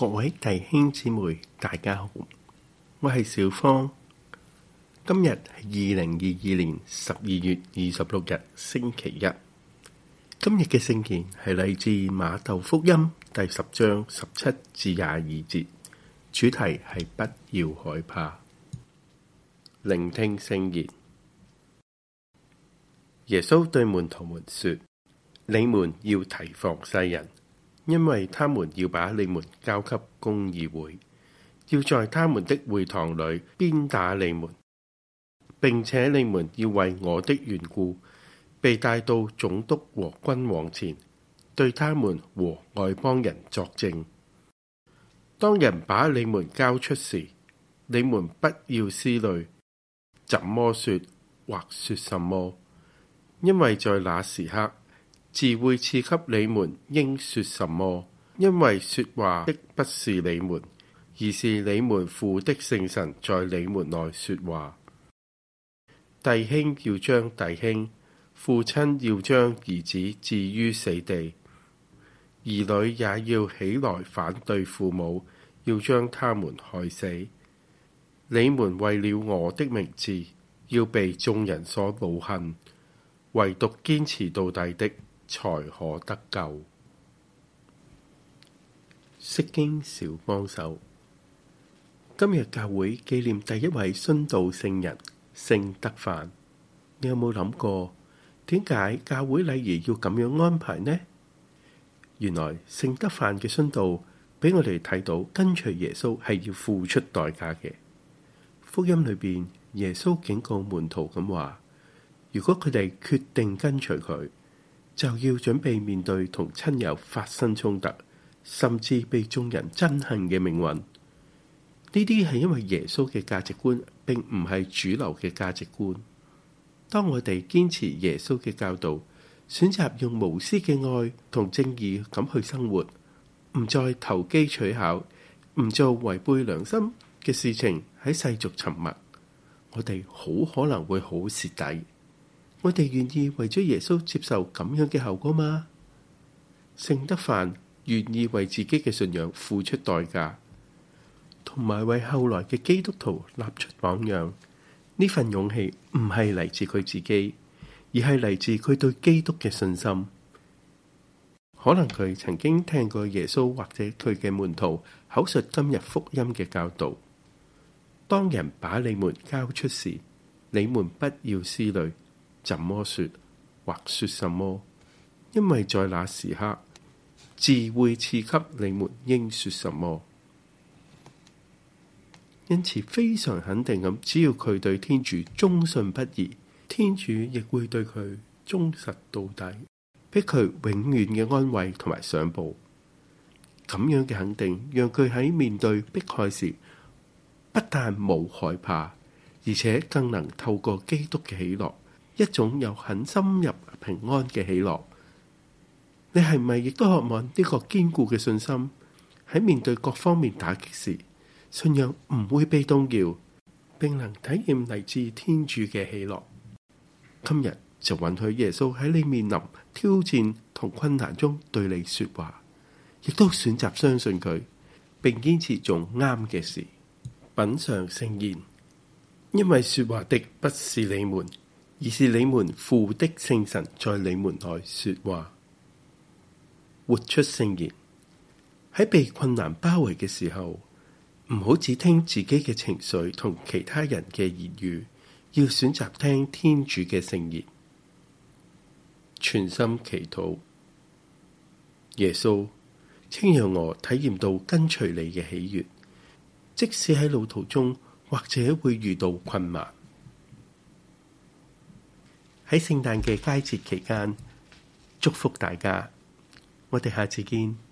各位弟兄姊妹，大家好，我係小芳。今日係二零二二年十二月二十六日，星期一。今日嘅聖言係嚟自馬竇福音第十章十七至廿二節，主題係不要害怕。聆聽聖言，耶穌對門徒們說：你們要提防世人。因為他們要把你們交給公議會，要在他們的會堂裏鞭打你們。並且你們要為我的緣故被帶到總督和君王前，對他們和外邦人作證。當人把你們交出時，你們不要思慮怎麼說或說什麼，因為在那時刻，自會賜給你們應說什麼，因為說話的不是你們，而是你們父的聖神在你們內說話。弟兄要將弟兄，父親要將兒子置於死地，兒女也要起來反對父母，要將他們害死。你們為了我的名字，要被眾人所惱恨，唯獨堅持到底的。才可得救，釋經小幫手。今日教會紀念第一位殉道聖人聖德範。你有冇諗過點解教會禮儀要咁樣安排呢？原來聖德範嘅殉道俾我哋睇到，跟隨耶穌係要付出代價嘅。福音裏邊，耶穌警告門徒咁話：如果佢哋決定跟隨佢，就要準備面對同親友發生衝突，甚至被眾人憎恨嘅命運。呢啲係因為耶穌嘅價值觀，並唔係主流嘅價值觀。當我哋堅持耶穌嘅教導，選擇用無私嘅愛同正義咁去生活，唔再投機取巧，唔做違背良心嘅事情，喺世俗沉默，我哋好可能會好蝕底。我哋願意為咗耶穌接受咁樣嘅後果嗎？聖德範，願意為自己嘅信仰付出代價，同埋為後來嘅基督徒立出榜樣。呢份勇氣唔係嚟自佢自己，而係嚟自佢對基督嘅信心。可能佢曾經聽過耶穌或者佢嘅門徒口述今日福音嘅教導。當人把你們交出時，你們不要思慮。怎麼說或說什麼？因為在那時刻，自會賜給你們應說什麼。因此非常肯定咁，只要佢對天主忠信不移，天主亦會對佢忠實到底，俾佢永遠嘅安慰同埋賞報。咁樣嘅肯定，讓佢喺面對迫害時不但冇害怕，而且更能透過基督嘅喜樂。一種有很深入平安嘅喜樂，你係咪亦都渴望呢個堅固嘅信心，喺面對各方面打擊時，信仰唔會被動搖，並能體驗嚟自天主嘅喜樂？今日就允許耶穌喺你面臨挑戰同困難中對你說話，亦都選擇相信佢，並堅持做啱嘅事。品嚐聖言，因為說話的不是你們。而是你們父的聖神在你們內說話，活出聖言。喺被困難包圍嘅時候，唔好只聽自己嘅情緒同其他人嘅言語，要選擇聽天主嘅聖言，全心祈禱。耶穌，請讓我體驗到跟隨你嘅喜悅，即使喺路途中或者會遇到困難。喺聖誕嘅佳節期間，祝福大家！我哋下次見。